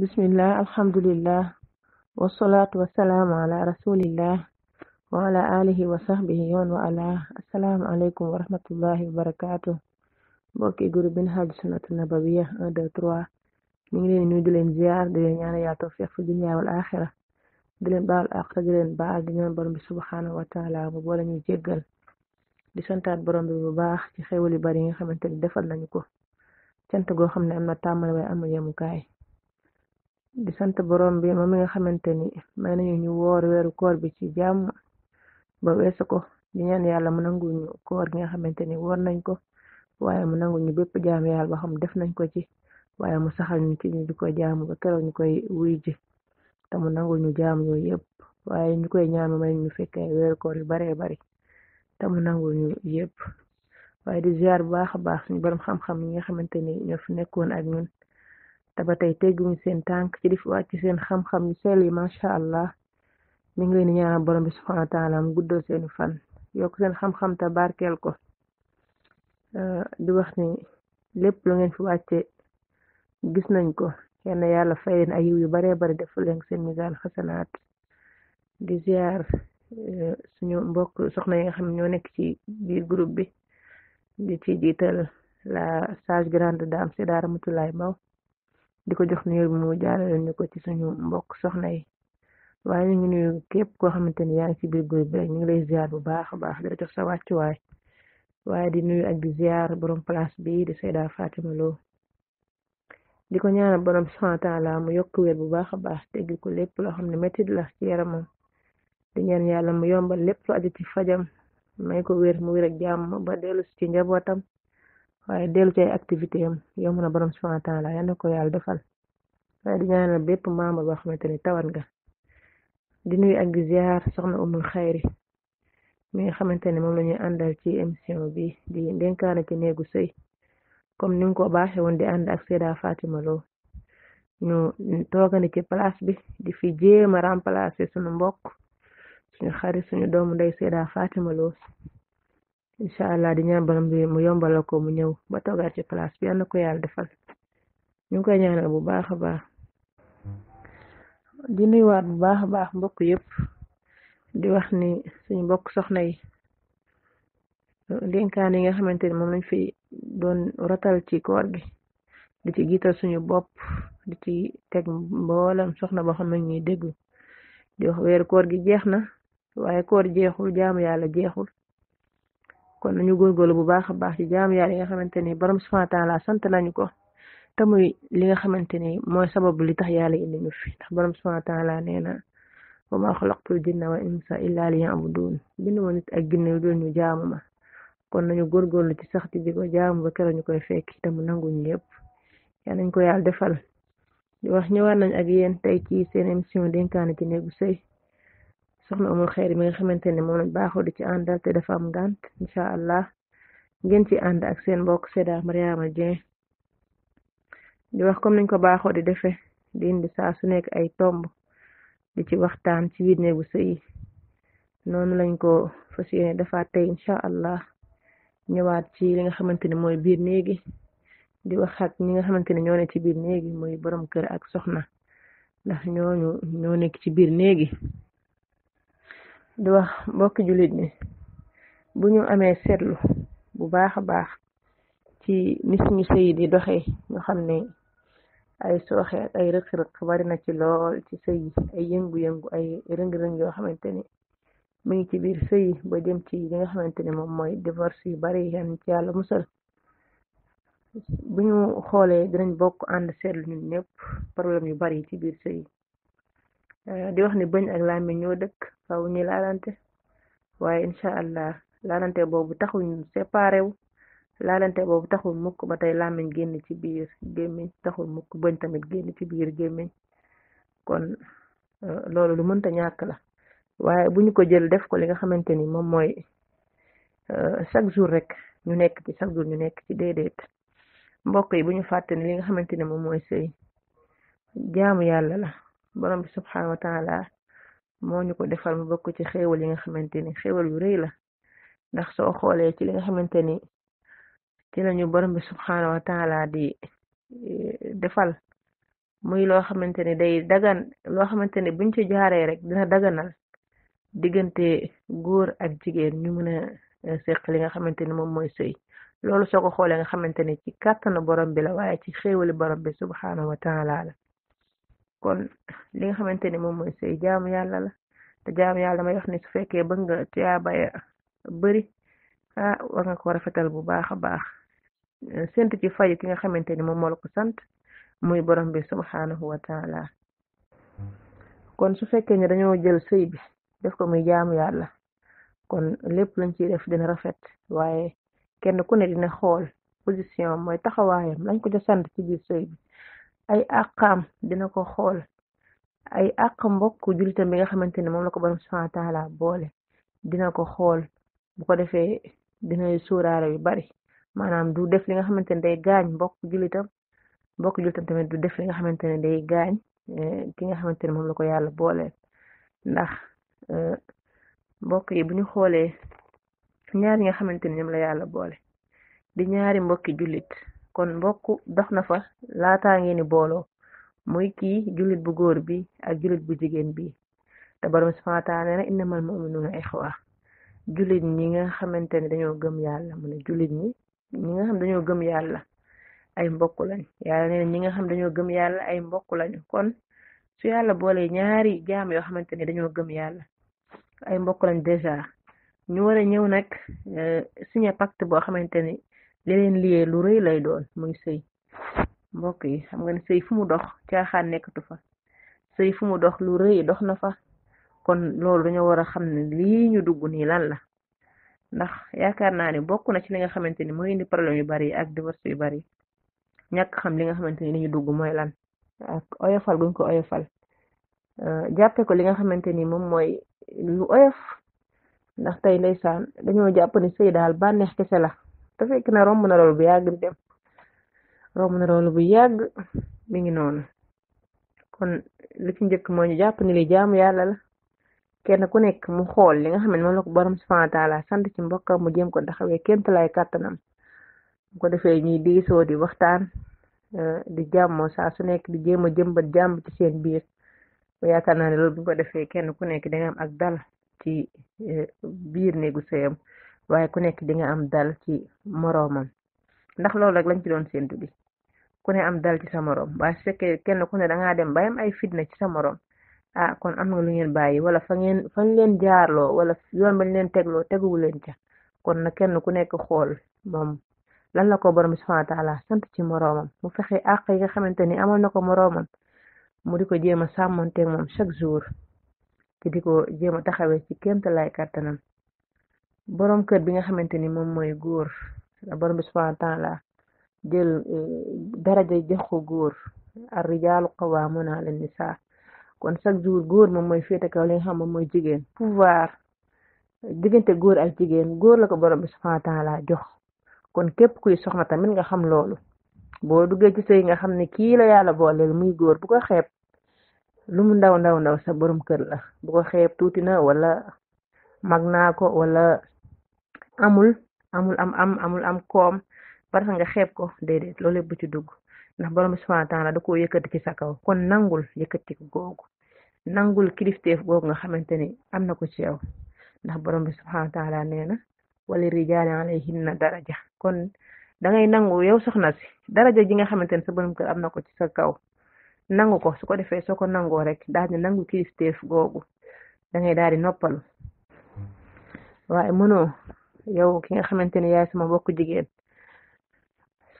بسم الله الحمد لله والصلاة والسلام على رسول الله وعلى آله وصحبه يون وآله السلام عليكم ورحمة الله وبركاته بوكي غور بن حاج سنة النبوية 1 2 3 نيجي نيو دلين زيار دلين يانا يا توفيق في الدنيا والآخرة دلين بال آخرة دلين بال دنيا برمي سبحانه وتعالى وبولا نيو جيغل دي سنتات برمي بباخ تخيولي بارين خمان تلي دفل لنكو تنتقو خمنا أما تعمل يا مكاي di sant borom bi moom mi nga xamante ni may nañu ñu woor weeru koor bi ci jàmm ba weesu ko di ñaan yàlla mu nanguñu koor gi nga xamante ni woor nañ ko waaye mu nangu ñu bépp jaam yàlla ba xam def nañ ko ci waaye mu saxal ñu ci ñu di ko jaam ba keroog ñu koy wuy ji te mu nanguñu jaam yooyu yëpp waaye ñu koy ñaan may ñu fekkee weeru koor yu baree bari te mu nanguñu yëpp waaye di ziar bu baax a baax suñu borom xam-xam yi nga xamante ni ñoo fi nekkoon ak ñun. te ba tey tegguñu seen tànk ci di fi wàcc seen xam-xam yu sell yi macha allah mi ngi leen di ñaanal borom bi subhanahu wa guddal seen fan yokk seen xam-xam te barkeel ko eh, di wax ni lépp lu fi wàcce gis nañ ko kenn yàlla fay leen ay yiw yu baree bari def leen seen misaan xasanaat di ziar eh, suñu mbokk soxna yi nga xam ne ñoo nekk ci biir groupe bi di ci jiital la sage grande dame si daara Matoulaye Maw di ko jox nuyoo bi mu jaarale ñu ko ci suñu mbokk soxna yi waaye ñu ngi nuyu képp koo xamante ni yaa ci biir groupe bi ñu ngi lay ziar bu baax a baax di la jox sa wàccuwaay waaye di nuyu ak di ziar borom place bi di Seyda Fatima Lo di ko ñaanal borom subhanahu wa mu yokk wér bu baax a baax teggi ko lépp loo xam ne métti la ci yaramam di yàlla mu yombal lépp lu aju ci fajam ko wér mu wér jàmm ba dellu ci njabootam. waaye dellu ci activité yam yow mën a borom subhanahu wa ko yàlla defal waaye di ñaanal bépp membre boo xamante ni tawat ga di nuyu ak di ziar soxna umul xayri mi nga xamante ne moom lañuy ñuy ci émission bi di dénkaane ci néegu sëy comme ni nga ko baaxee woon di ànd ak Seyda Fatima Lo ñu toogandi place bi di fi jéem a remplacer suñu mbokk suñu xarit suñu doom ndey Seyda Fatima Lo incha allah di ñaan borom bi mu yombala ko mu ñëw ba toogaat ci place bi yal na ko yàlla defal ñu ngi koy ñaanal bu baax a baax di nuyuwaat bu baax a baax mbokk yëpp di wax ni suñ mbokk soxna yi dénkaan yi nga xamante ni moom lañ fi doon rotal ci koor gi di ci giital suñu bopp di ci teg mboolam soxna boo xam ne ñuy déglu di wax weeru koor gi jeex na waaye koor jeexul jaamu yàlla jeexul kon nañu góorgóorlu bu baax a baax ci jaamu yàlla yi nga xamante ne borom subhanahu wa sant nañu ko te muy li nga xamante ne mooy sababu li tax yàlla indi ñu fi ndax borom subhanahu wa taala nee na wa maa xalaqtul jinna wa insa illa liya'budun bind ma nit ak ginne doon ñu jaamu ma kon nañu góorgóorlu ci sax ci di ko jaamu ba keroog ñu koy fekk te mu nanguñu yëpp yaa nañ ko yàlla defal di wax ñëwaat nañ ak yéen tey ci seen émission dénkaane ci néegu sëy soxna amul xeer mi nga xamante ne moom lañ baaxoo di ci àndal te dafa am gànt incha allah ngeen ci ànd ak seen mbokk Seda Mariama Dieng di wax comme nañ ko baaxoo di defee di indi saa su nekk ay tomb di ci waxtaan ci biir néegu sëy noonu lañ ko fas yéene defaat tey incha allah ñëwaat ci li nga xamante ne mooy biir néegi di wax ñi nga xamante ne ñoo ne ci biir néegi muy borom kër ak soxna ndax ñooñu ñoo nekk ci biir néegi di wax mbokki jullit ni bu ñu amee seetlu bu baax a baax ci ni suñu sëy di doxee ñu xam ne ay sooxe ay rëq bari na ci lool ci sëy ay yëngu-yëngu ay rëng-rëng yoo xamante ni mu ngi ci biir sëy ba jëm ci li nga xamante ni moom mooy divorce yu bari yan ci yàlla musal bu ñu xoolee dinañ bokk ànd seetlu ñun ñëpp problème yu bari ci biir sëy Eh, di wax ni bëñ ak làmmiñ ñoo dëkk faw ñi laalante waaye incha allah laalante boobu taxul ñu séparé wu laalante boobu taxul mukk ba tey làmmiñ génn ci biir gémmiñ taxul mukk bëñ tamit génn ci biir gémmiñ kon eh, loolu lu mënta ñàkk la waaye buñu ko jël def ko li nga xamante ni moom mooy eh, chaque jour rek ñu nekk ci chaque jour ñu nekk ci déedéet mbokk yi bu ñu fàtte ni li nga xamante ni moom mooy sëy jaamu yàlla la borom bi subxanahu wa moo ñu ko defal mu bokk ci xéewal yi nga xamante ni xéewal yu rëy la ndax soo xoolee ci li nga xamante ni ci lañu borom bi subxanahu wa taala di eh, defal muy loo xamante ni day dagan loo xamante ni buñ ci jaaree rek daganal diggante góor ak jigéen ñu mën a eh, seq li nga xamante ni moom mooy sëy loolu soo xoolee nga xamante ni ci kàttanu borom bi la waaye ci xéewali borom bi subxanahu wa taala la. kon li nga xamante ni moom mooy sëy jaamu yàlla la te jaamu yàlla may yox ni su fekkee bëgg nga tuyaabaya bëri ah war nga ko rafetal bu baax a baax sént ci fayu ki nga xamante ni moom moo ko sant muy borom bi subhaanahu wa taala kon su fekkee ne dañoo jël sëy bi def ko muy jaamu yàlla kon lépp lañ ciy def dina rafet waaye kenn ku ne dina xool position mooy taxawaayam lañ ko ca sant ci biir sëy bi ay àqam dina ko xool ay àq mbokk julitam bi nga xamante ne moom la ko borom subhanahu wa boole dina ko xool bu ko defee dinay suuraale yu bari maanaam du def li nga xamante ne day gaañ mbokk jullitam mbokk jullitam tamit du def li nga xamante ne day gaañ eh, ki nga xamante ne moom la ko yàlla booleel ndax eh, mbokk yi bu ñu xoolee ñaari nga xamante ne ñoom la yàlla boole di ñaari mbokki jullit kon mbokk dox na fa laata ngeen booloo muy kii julit bu góor bi ak jullit bu jigéen bi te borom subhaanahu wa taala nee na innamal mu'minuuna ixwa jullit ñi nga xamante ne dañoo gëm yàlla mu ne ñi ñi nga xam dañoo gëm yàlla ay mbokk lañ yàlla nee na ñi nga xam dañoo gëm yàlla ay mbokk lañ kon su yàlla boole ñaari jaam yoo xamante ne dañoo gëm yàlla mbokk lañ déjà ñu war a ñëw nag eh, signé pacte boo xamante ni li leen lu rëy lay doon muy sëy mbokk yi xam nga ne sëy fu mu dox caaxaan nekkatu fa sëy fu mu dox lu rëy dox na fa kon loolu dañoo war a xam ne lii ñu dugg nii lan la ndax yaakaar naa ni bokk na ci li nga xamante ni mooy indi problème yu bari ak divorce yu bari ñàkk xam li nga xamante ni li ñu dugg mooy lan ak oyofal guñ ko oyofal euh, jàppe ko li nga xamante ni moom mooy lu oyof ndax tey ndeysaan dañoo jàpp ne sëy daal bànneex kese la te fekk na romb na loolu bu yàgg di dem romb na loolu bu yàgg mi ngi noonu kon li ci njëkk mooy ñu jàpp ni li jaamu yàlla la kenn ku nekk mu xool li nga xam ne moom la ko borom subhanahu wa taala sant ci mbokkam mu jéem ko taxawee kent lay kàttanam bu ko defee ñuy diisoo di waxtaan eh, di jàmmoo saa su nekk di jéem a jëmbat jàmm ci seen biir yaakaar naa ne loolu bu ko defee kenn ku nekk danga am ak dal ci eh, biir néegu sëyam waaye ku nekk di nga am dal ci moroomam ndax loolu rek lañ ci doon séntu bi ku ne am dal ci sa moroom waaye su fekkee kenn ku ne dangaa dem bayam ay fitna ci sa moroom ah kon am na lu ngeen bàyyi wala fa ngeen fañ leen jaarloo wala yoon bañ leen tegloo teguwu leen ca kon na kenn ku nekk xool moom lan la ko borom bi subhanahu ci moroomam mu fexe àq yi nga xamante ni amal na ko moroomam mu di ko jéem a sàmmonteeg moom chaque jour te di ko jéem taxawee ci kéemtalaay kàttanam boroom kër bi nga xamante ni moom mooy góor borom bi subhanahu wa taala jël eh, daraja jox ko góor ar rijaalu qawwaamuuna ala nisaa kon chaque jour góor moom mooy féete kaw li nga xam moom mooy jigéen pouvoir diggante góor ak jigéen góor la ko borom bi subhanahu jox kon képp kuy soxna tamit nga xam loolu boo duggee ci sëy nga xam ne kii la yàlla booleel muy góor bu ko xeeb mu ndaw ndaw ndaw sa borom kër la bu ko xeeb tuuti na wala mag naa ko wala amul amul am am amul am koom parce que nga xeeb ko déedéet lool yëpp bu ci dugg ndax borom subhanahu wa taala da koo yëkkati ci sa kaw kon nangul yëkkati googu nangul kilifteef googu nga xamante ni am na ko ci yow ndax borom bi subhanahu wa taala nee na wali rijaali alayhinna daraja kon da ngay nangu yow soxna si daraja ji nga xamante ne sa borom kër am na ko ci sa kaw nangu ko su ko defee soo ko nangoo rek daal di nangu kilifteef googu dangay daal di noppalu waaye mënoo yow ki nga xamante ne yaay sama mbokku jigéen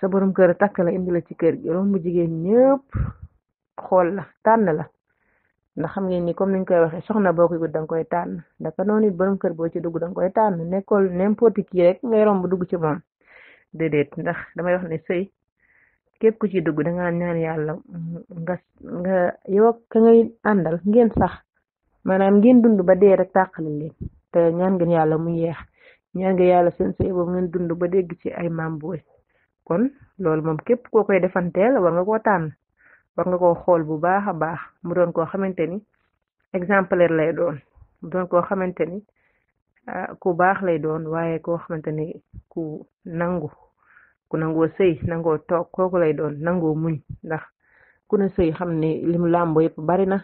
sa borom kër takk la indi la ci kër gi romb jigéen ñëpp xool la tànn la ndax xam ngeen ni comme niñ koy waxee soxna boo koy gudd danga koy tànn nda noonu it borom kër boo ci dugg danga koy tànn nekkool n'importe qui rek ngay romb dugg ci mom déedéet ndax damay wax ne sëy képp ku ci dugg danga ñaan yàlla nga nga ka ngay àndal ngeen sax maanaam ngeen dund ba dee rek tàqali leen te ñaan yàlla mu yeex ñaan nga yàlla seen sëy boobu ngeen dund ba dégg ci ay maam kon loolu moom képp koo koy defanteel war nga koo tànn war nga koo xool bu baax a baax mu doon koo xamante ni exemplaire lay doon mu doon koo xamante ni ku baax lay doon waaye koo xamante ni ku nangu ku nangoo sëy nangoo toog kooku lay doon nangoo muñ ndax ku ne sëy xam ne lim làmbo yëpp bari na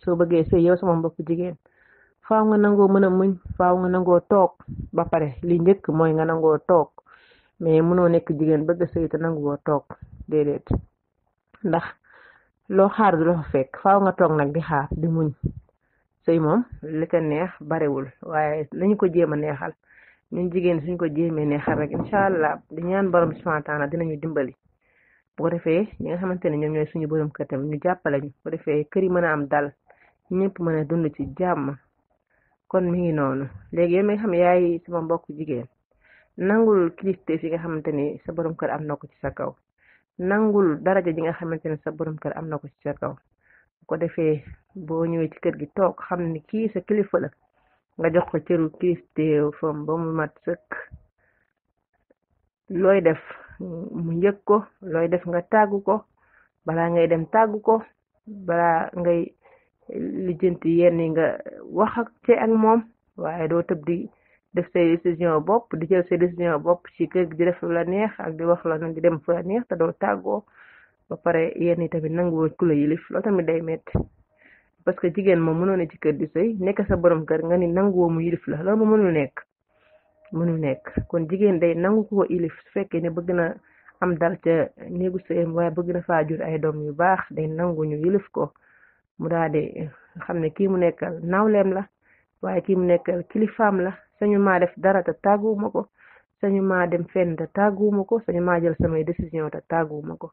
soo bëggee sëy yow sama mbokk jigéen faaw nga nangoo mën a muñ faaw nga nangoo toog ba pare li njëkk mooy nga nangoo toog mais mënoo nekk jigéen bëgg sëy te nanguwoo toog déedéet ndax loo xaar du la fa fekk faaw nga toog nag di xaar di muñ sëy moom li ko neex barewul waaye nañu ko jéem a neexal ñun jigéen suñ ko jéemee neexal rek incha allah di ñaan borom subhanahu dina taala dinañu dimbali bu defee ñi nga xamante ne ñoom ñooy suñu borom kër tamit ñu jàppale ñu bu defee kër yi mën a am dal ñëpp mën a dund ci jàmm kon mi ngi noonu léegi yow mi nga xam yaay sama mbokk jigéen nangul kilifte fi nga xamante ni sa borom kër am na ko ci sa kaw nangul daraja ji nga xamante ni sa borom kër am na ko ci sa kaw bu ko defee boo ñëwee ci kër gi toog xam ni kii sa kilifa la nga jox ko cëru kilifte fam ba mu mat sëkk looy def mu yëg ko looy def nga tàggu ko balaa ngay dem tàggu ko ngay lijjanti yenn nga wax ak ci ak moom waaye doo tëb di def say décision bopp di jël say décision bopp ci kër gi def la neex ak di wax la nag di dem fu la neex te doo tàggoo ba pare yenn yi tamit nanguwoo ku la yilif loolu tamit day metti parce que jigéen moom mënoo ne ci kër di sëy nekk sa borom kër nga ni nanguwoo mu yilif la loolu moom mënul nekk mënul nekk kon jigéen day nangu ko ilif su fekkee ne bëgg na am dal ca néegu sëyam waaye bëgg na faa jur ay doom yu baax day nangu ñu ko mu daal xam ne kii mu nekkal nawleem la waaye kii mu nekkal kilifaam la sañu maa def dara te tàgguwuma ko sañu maa dem fenn te tàgguwuma ko sañu maa jël samay décision te tàgguwuma ko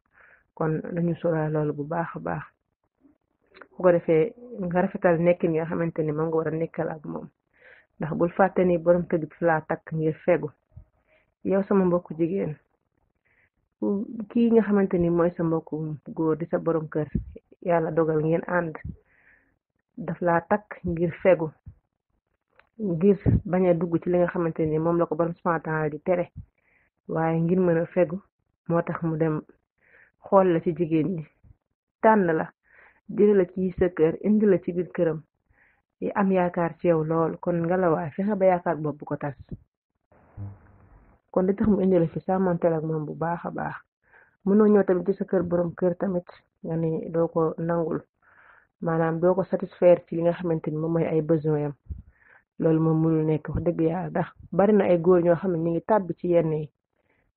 kon dañu sóoraale lool bu baax a baax bu ko defee nga rafetal nekkin nga xamante ni moom nga war a nekkal ak moom ndax bul fàtte ni borom laa takk ngir fegu yow sama mbokku jigéen kii nga xamante ni mooy sa mbokku góor di sa borom kër yàlla dogal ngeen ànd daf laa takk ngir fegu ngir bañ a dugg ci li nga xamante ni moom la ko borom subhaanahu wa taala di tere waaye ngir mën a fegu moo tax mu dem xool la ci jigéen ñi tànn la jële la ci sa kër indi la ci biir këram yi am yaakaar ci lool kon ngelawaay fexe ba yaakaar boobu ko tas kon li tax mu indi la fi sàmmanteel ak moom bu baax a baax mënoo ñëw tamit ci sa kër kër tamit nga ni doo ko nangul maanaam doo ko satisfaire ci li nga xamante ni moom mooy ay besoin yam loolu moom mënul nekk wax dëgg yàlla ndax bari na ay góor ñoo xam ne ñu ngi tàbb ci yenn yi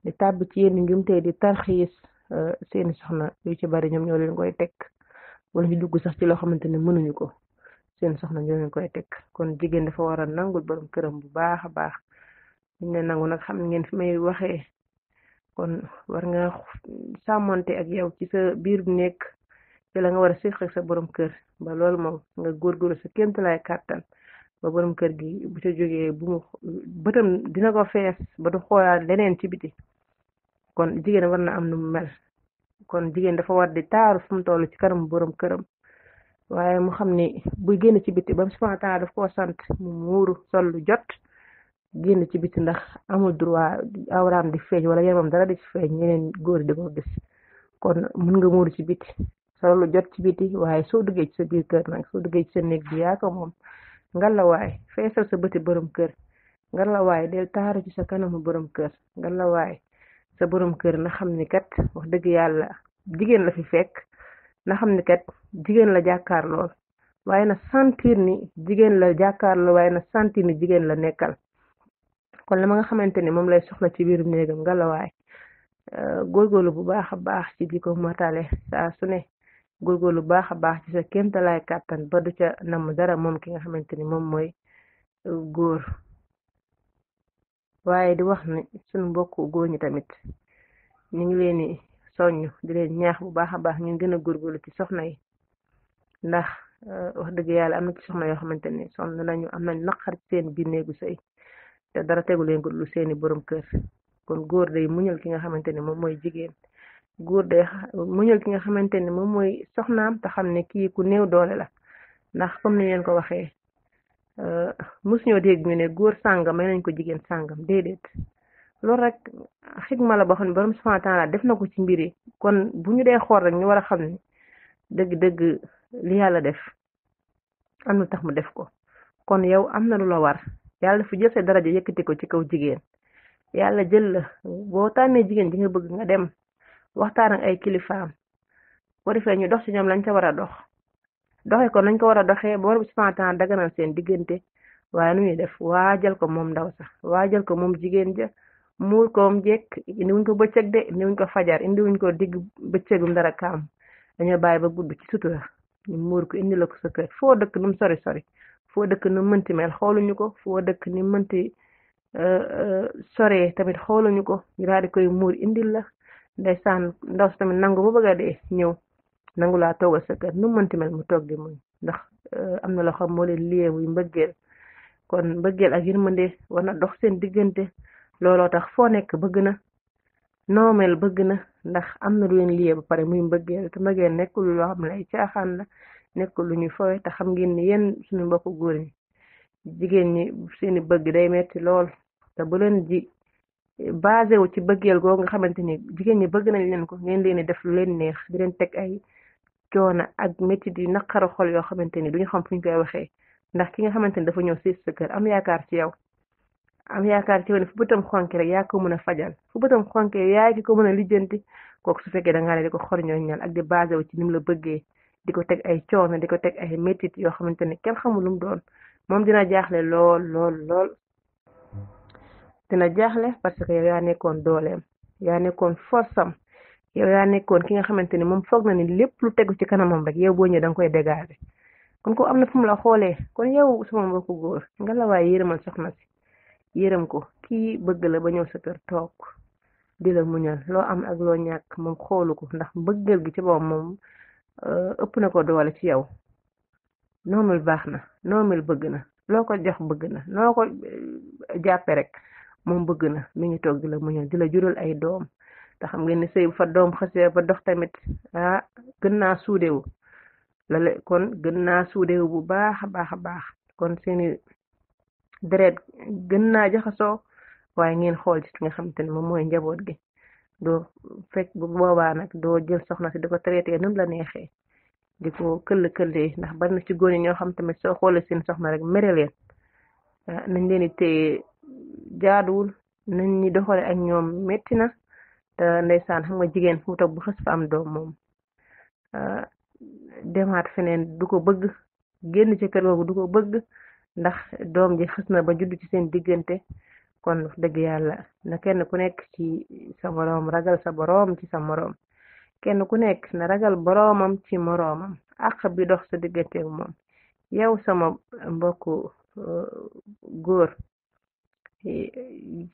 di tàbb ci yenn njumte di tarxiis euh, seeni soxna yu ci bari ñoom ñoo leen koy teg wala ñu dugg sax ci loo xamante ne mënuñu ko seen soxna ñoo leen koy teg kon jigéen dafa war a nangul borom këram bu baax a baax ñu ne nangu nag xam ngeen fi may waxee kon war nga sàmmante ak yow ci sa biir nekk ci la nga war a séq sa borom kër ba loolu moom nga góorgóorlu sa lay kàttan ba borom kër gi bu ca jógee bu mu dina ko fees ba du xoolaat leneen ci biti kon jigéen war na am nu mu mel kon jigéen dafa war di taaru fu mu toll ci kanam borom këram xam ne buy génn ci biti ba subhanahu wa taala daf koo sant mu muuru sol lu jot génn ci biti ndax amul droit awraam di feeñ wala yaramam dara di ci feeñ ñeneen góor di ko gis kon mën nga muuru ci biti solo lu jot ci biti waaye soo duggee ci sa biir kër nag soo duggee ci sa néeg bi yaa ko moom ngalawaay feesal sa bëti borom kër ngalawaay del taaru ci sa kanamu borom kër ngalawaay sa borom kër na xam ni kat wax dëgg yàlla jigéen la fi fekk na xam ni kat jigéen la jàkkaar lool waaye na sentir ni jigéen la jàkkaar lool waaye na sentir ni jigéen la nekkal kon la ma nga xamante ni moom lay soxla ci biirum néegam ngalawaay euh, góorgóorlu bu baax a baax ci di ko saa su ne góorgóorlu lu baax a baax ci sa kéemtalaay kàttan ba du ca namm dara moom ki nga xamante ni moom mooy euh, góor waaye di wax ni suñu mbokk góor ñi tamit ñu ngi leen di soññ ñaax bu baax a baax ñu gën a góorgóorlu ci soxna yi ndax euh, wax dëgg yàlla am na soxna yoo xamante ni sonn nañu am nañ naqar ci seen biir néegu sëy te dara tegu leen ko seeni borom kër kon góor day muñal ki nga xamante ne moom mooy jigéen góor day muñal ki nga xamante ne moom mooy soxnaam te xam ne kii ku néew doole la ndax comme ni leen ko waxee euh, mosuñoo dégg ñu ne góor sàngam may nañ ko jigéen sàngam déedéet loolu rek xigma la boo xam ne borom subhaanahu wa na ko ci mbir kon bu ñu dee xool rek ñu war a xam ne dëgg-dëgg li yàlla def am na tax mu def ko kon yow am na lu la war yàlla dafa jël say daraja yëkkati ko ci kaw jigéen yàlla jël la boo tàmmee jigéen ji nga bëgg nga dem waxtaan ak ay kilifaam bu defee ñu dox ci ñoom lañ ca war a dox doxee ko nañ ko war a doxee borom subhaanahu wa ta'aala daganal seen diggante waaye nu ñuy def waa ko moom ndaw sax waa ko moom jigéen ja muur ko moom jekk wuñ ko bëccëg de indiwuñ ko fajar wuñ ko digg bëccëgum dara kaam dañoo bàyyi ba gudd ci sutura ñu muur ko indi la ko sa kër foo dëkk nu mu sori sori foo dëkk nu mënti mel xooluñu ko foo dëkk ni mënti euh, euh, sore tamit xooluñu ko ñu daal di koy muur indil la ndeysaan ndaw si tamit nangu ba bëgg a ñëw nangu laa toogal sa kër nu mënti mel mu toog di muñ ndax euh, am na loo xam moo leen liyee muy mbëggeel kon mbëggeel ak yërmande de na dox seen diggante looloo tax foo nekk bëgg na noomeel bëgg na ndax am na lu leen liyee ba pare muy mbëggeel te nekkul loo xam ne ay la nekkul lu ñuy fooy te xam ngeen ni yéen suñu mbokk góor yi jigéen ñi seeni bëgg day metti lool te bu leen ji basé wu ci bëggeel googu nga xamante ni jigéen ñi bëgg nañ leen ko ngeen leen di def lu leen neex di leen teg ay coono ak métti di naqara xool yoo xamante ni duñu xam fu ñu koy waxee ndax ki nga xamante ni dafa ñëw si sa kër am yaakaar ci yow am yaakaar ci yow ne fu bëtam xonke rek yaa ko mën a fajal fu bëtam xonke yaa ki ko mën a lijjanti kooku su fekkee da ngaa ne di ko xor ñoo ñal ci ni mu la bëggee di ko teg ay coono di ko teg ay métit yoo xamante ne kenn xamul lu doon moom dina jaaxle lool lool lool dina jaaxle parce que yow yaa nekkoon dooleem yaa nekkoon force am yow yaa nekkoon ki nga xamante ni moom foog na ni lépp lu tegu ci kanamam rek yow boo ñëwee da nga koy dégager kon ko am na fu la xoolee kon yow sama mbokku góor nga la waaye yërëmal soxna si yërëm ko kii bëgg ba ñëw sa kër toog di la muñal loo am ak loo ñàkk moom xoolu ko ndax bëggal gi ci boppam moom Eh, ëpp na ko doole ci yow noomil baax na noomil bëgg na loo ko jox bëgg na loo ko eh, jàppe rek moom bëgg na mi ngi toog di la muñal di jural ay doom te xam ngeen ne sëy fa doom xasee fa dox tamit ah gën naa suudewu lale kon gën naa suudewu bu baax a baax a baax kon seeni deret gën naa jaxasoo waaye ngeen xool ci nga xam te ne moom mooy njaboot gi doo fekk bu boobaa nag doo jël soxna si du ko traité num la neexee di ko këll ndax bari na ci góor ñi ñoo xam tamit soo xoolee seen soxna rek mere leen ah, nañ leen di téye nañ ñi doxale ak ñoom metti na te ndeysaan xam nga jigéen fu mu bu xës fa am doom moom ah, demaat feneen du ko bëgg génn ci kër googu du ko bëgg ndax doom ji xës na ba judd ci seen diggante kon dëgg yàlla na kenn ku nekk ci sa boroom ragal sa boroom ci sa moroom kenn ku nekk na ragal boroomam ci moroomam àq bi dox sa digganteeg moom yow sama mbokku uh, góor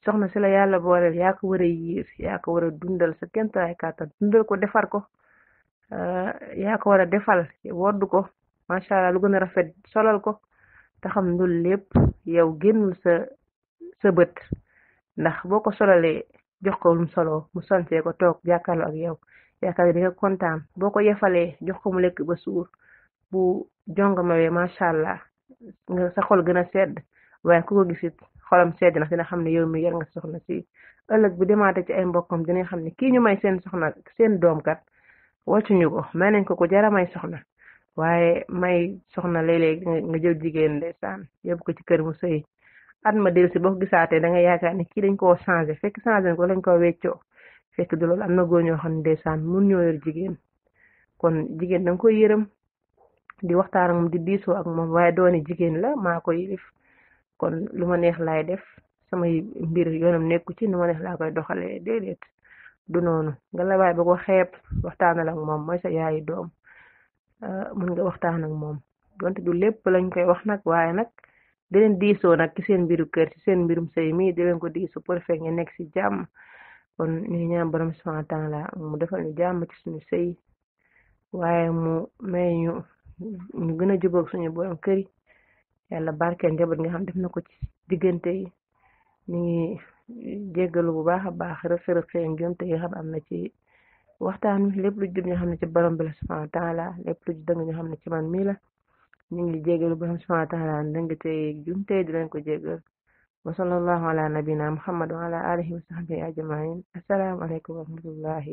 soxna si la yàlla booleel yaa ko war yiir yaa ko war a dundal sa kemtalaay kàttan dundal ko defar ko uh, yaa ko war a defal wodd ko macha allah lu gën a solal ko te xam ndul lépp yow sa sa bët ndax boo ko solalee jox ko mu soloo mu santee ko toog jàkkaarloo ak yow yaakaar di nga kontaan boo ko yefalee jox ko mu lekk ba suur bu jongamawee macha allah nga sa xol gën a sedd waaye ku ko gisit xolam sedd na dina xam ne yow mi yar nga soxna si ëllëg bu demaate ci ay mbokkam dina xam ne kii ñu may seen soxna seen doom kat wàccuñu ko may nañ ko ko jara may soxna waaye may soxna léeg-léeg nga jël jigéen ndeysaan yóbbu ko ci kër mu sëy at ma del si boo gisaatee da nga yaakaar ne ki dañ ko changé fekk changé ko lañ koo weccoo fekk du lool am na góor ñoo xam ne ndeysaan mun ñoo yor jigéen kon jigéen da koy yërëm di waxtaan ak moom di diisoo ak moom waaye doone jigéen la maa koy yilif kon lu ma neex laay def samay mbir yoonam nekku ci nu ma neex laa koy doxalee déedéet du noonu nga la waaye ba ko xeeb waxtaanal ak moom mooy sa yaayu doom ah, mun nga waxtaan ak moom donte du lépp lañ koy wax nag waaye nag di leen diisoo nag ci seen mbiru kër ci seen mbirum sëy mi di leen ko diisoo pour fekk ngeen nek si jàmm kon ñu ñaan borom subhanahu wa ta'ala mu defal ñu jàmm ci suñu sey waaye mu may ñu ñu gën a jubóog suñu borom kër yi yàlla barkeel njaboot nga xam def na ko ci diggante yi ñu ngi jéggalu bu baax a baax rëfe-rëfe njuumte yi xam am na ci waxtaan wi lépp lu jub ñu xam ne ci borom bi la subhanahu wa ta'ala lépp lu dëng ñu xam ne ci man mii la ñu ngi jégalu borom subhanahu wa taala ndëngte jumte dinañ ko jégal wa sallallahu ala nabina muhammad wa ala alihi wa sahbihi ajmain assalaamu aleykum wa rahmatullahi